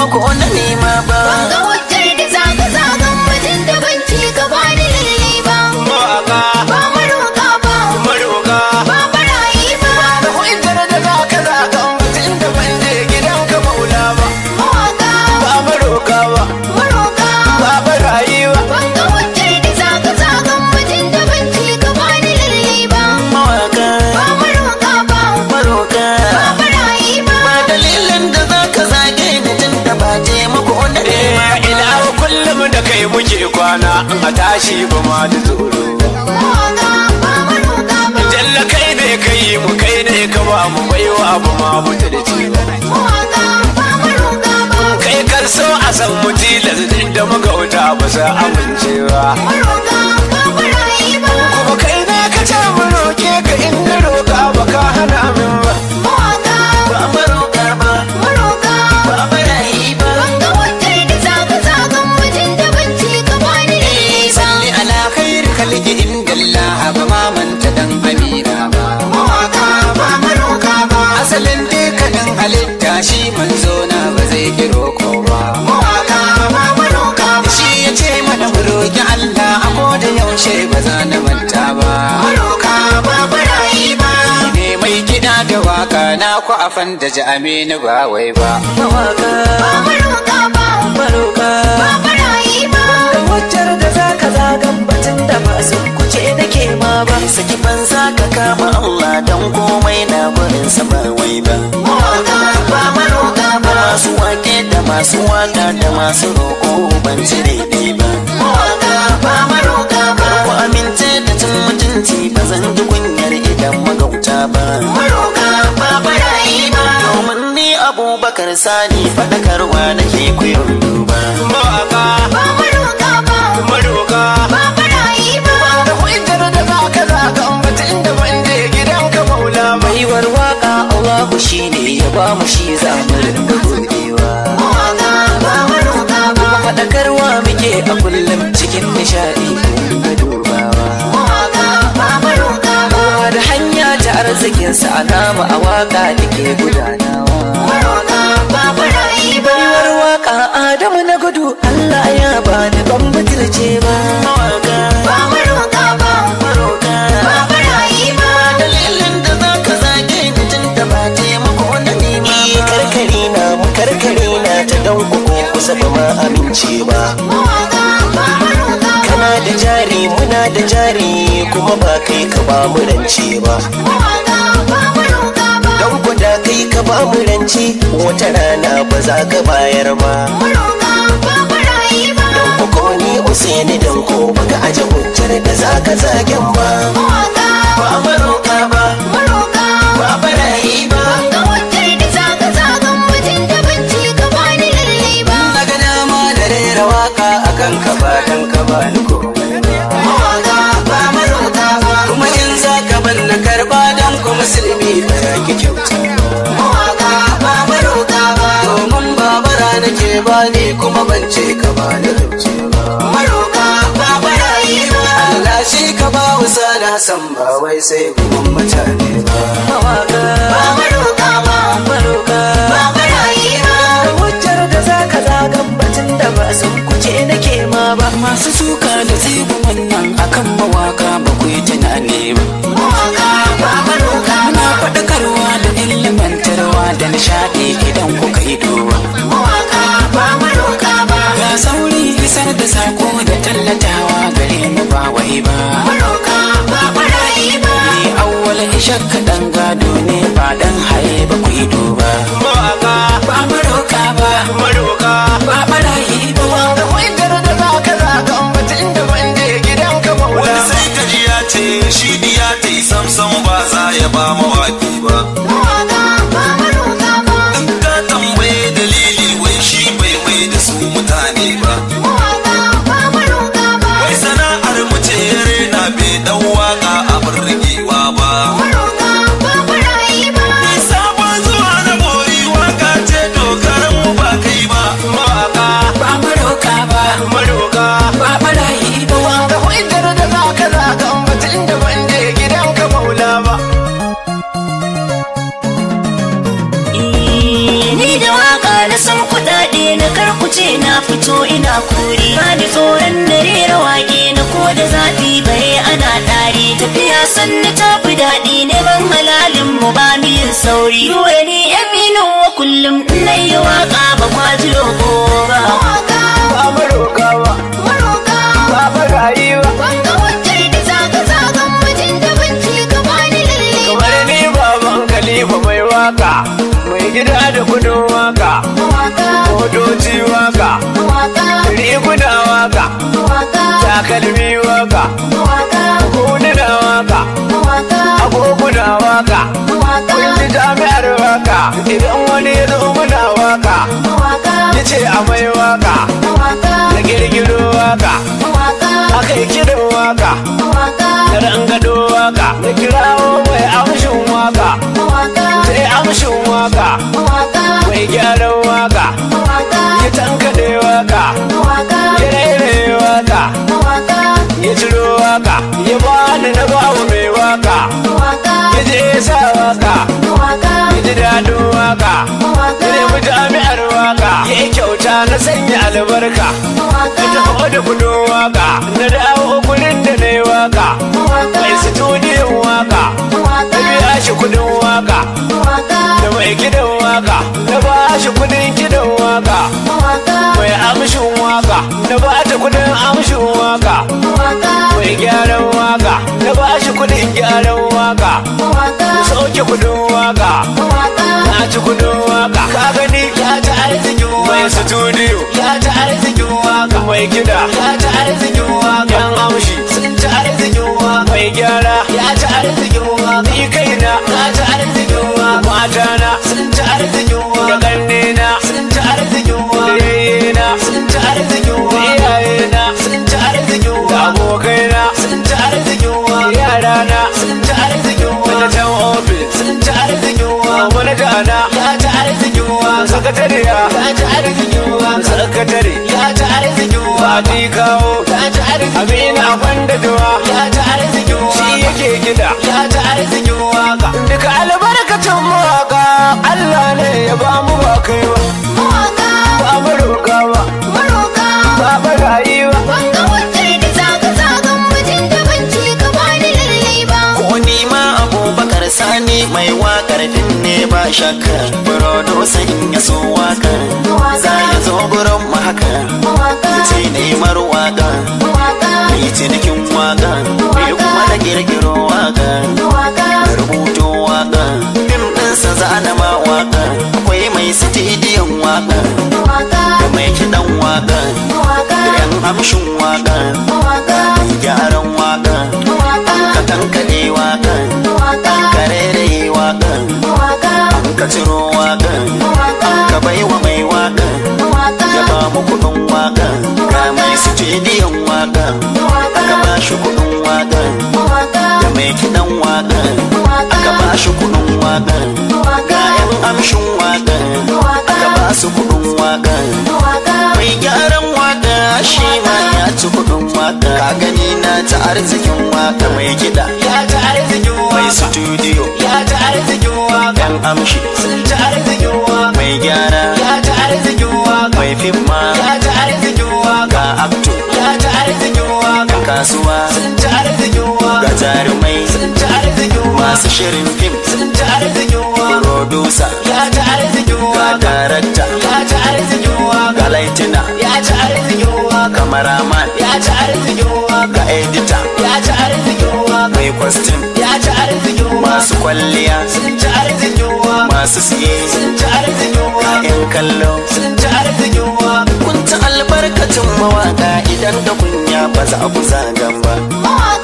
mako ona kwana a tashi ba ma da tsoro jalla kai ne kai mu kai ne ka ba mu baiwa ba ma mutu da ci kai kar so a san muti tilas din da magauta ba sa amince ba kuma kai ne ka ce mu roke ka in roka ba ka hana min ashe ba za na manta ba maroka ba yi ba ne mai gida da waka na ku afan da ji aminu ba wai ba mawaka ba maroka ba maroka ba yi ba da wajen da za ka zagan batun da ba su kuce da ke ma ba saki ban za ka kama Allah don komai na burin sa ba wai ba Maroka ba maroka ba masu wake da masu waka da masu roƙo ban jire ba abubakar sani faɗakarwa nake koyon duba mawaka ba maroka ba maroka ba barayi ba ba da hujjar da za ka za ka ambata da ban je gidan ka maula baiwar waka Allahu ne ya ba mu shi zamu da gode duniya ba da ban butulce ba mawaka ba maroka ba maroka ba barayi ba dalilin da za ka zage ni tun ba taimako na nema ba eh, karkare na mu karkare na ta dan kuku kusa ba ma amince ba mawaka ba maroka kana da jari muna da jari kuma ba kai ka ba rance ba mawaka ba maroka ba dan guda kai ka bamu mu rance wata rana ba za ka bayar ba ko ni usaini dan ko baka aje hujjar da zaka zagen ba mawaka ba maroka ba maroka ba barayi ba ga hujjar da zaka zagen mutum da bacci ka bani lalle ba na ga dama da rera waka akan ka ba dan ka ba ni ko mawaka ba maroka ba kuma in zaka ban na karba dan ko musulmi da ki kyauta mawaka ba maroka ba domin babara nake ba ni kuma ban ce ka ba na ba ba ba shi ka ba wa sana Hassan ba wai mutane ba mawaka ba maroka ba ba ba da zaka zagan batun da ba sun kuce ba masu tallatawa gare mu ba wai ba maroka ba ba ni awwal ishak dan gado ne ba dan haye ba ku yi duba mawaka ba maroka ba maroka ba barayi ba wanda waitar da za ka za ka ambata inda ban je gidan ka maula wani sai ta ce shi diya ta yi samsam ba za ya ba mawaki wuce na fito ina kuri ba da tsoron dare rawage na ko da zafi bare ana tare tafiya sannu ta fi daɗi neman halalin mu ba miyin sauri ne ni minin wa kullum na yi waƙa ba kwajiro ko takalmi waka huduna waka agoguna waka kunji jami'ar waka idan wani ya zo muna waka ya ce a mai waka da girgiro waka aka yi kiɗin waka na rangado waka da kirawo mai amshin waka sai amshin waka ya bani na bawa mai waka ya je sa waka ya ji daɗin waka ya nemi jami'ar waka ya yi kyauta na sanya albarka ya tafi da kudin waka na dawo kudin da na yi waka mai situdiyon waka Ya biya shi kudin waka da mai gidan waka na ba shi kudin gidan waka ci kudin waka na ci kudin waka ka gani ya ci arzikin waka studio ya ci arzikin waka mai gida ya ci arzikin waka yan amshi sun ci arzikin waka mai gyara ya ci arzikin waka ni kaina na ci arzikin waka na. sun ci arzikin waka da kannena sun ci arzikin waka yayyena sun ci arzikin waka iyayena sun ci arzikin waka abokaina sun ci arzikin waka yarana sun ci arzikin manaja na ya ci arzikin wa sakatare ya ci arzikin wa sakatare ya ci arzikin wa ni kawo ya ci arzikin amina wanda dawa ya ci arzikin wa shi yake gida ya ci arzikin wa shakka burodo sai in ya so waka za ya zo gurin mu haka sai neman waka mai cinikin waka mai kuma da girgiro waka da rubuto waka fim ɗinsa za na ma waka akwai mai sitidiyan waka da mai kiɗan waka da yan hamshin waka ciro waka ka bai wa mai waka ya ba mu kuɗin waƙan ka mai sitidiyan waƙan aka ba shi kuɗin waƙan ya mai kiɗan waka aka ba shi kuɗin ya ga 'yan amshin waƙan aka ba su kuɗin waƙan mai gyaran waƙa shi ma ya ci kuɗin waƙa ka gani na ta arzikin waƙa mai kiɗa amshi sun ci arzikin mai gyara ya ci arzikin mai fimma ya ci arzikin waka ga abtu ya ci arzikin waka kasuwa sun ci arzikin ga jarumai sun ci arzikin masu shirin fim sun ci arzikin waka ya ci arzikin waka director ya ci arzikin ga laitina ya ci arzikin waka kamaraman ya ci arzikin waka ga editor ya ci arzikin mai kwastin ya ci arzikin masu kwalliya sun ci arzikin masu siye sun ji arzikin yunwa in kallo sun ji arzikin yunwa kun ci albarkacin mawaƙa idan da kunya ba za ku zagan ba